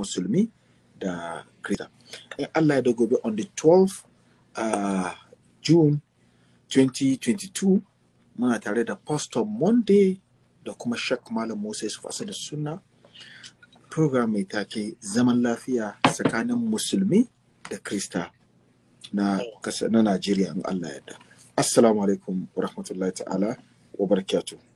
musulmi da krista in allah ya da gobe on the 12 uh, june 2022 muna tare da pastor monday da kuma shek malam musa yusuf da sunna program mai take zaman lafiya tsakanin musulmi da krista na na najeriya in allah ya da assalamu alaikum wa rahmatullahi ta'ala wa barakatuh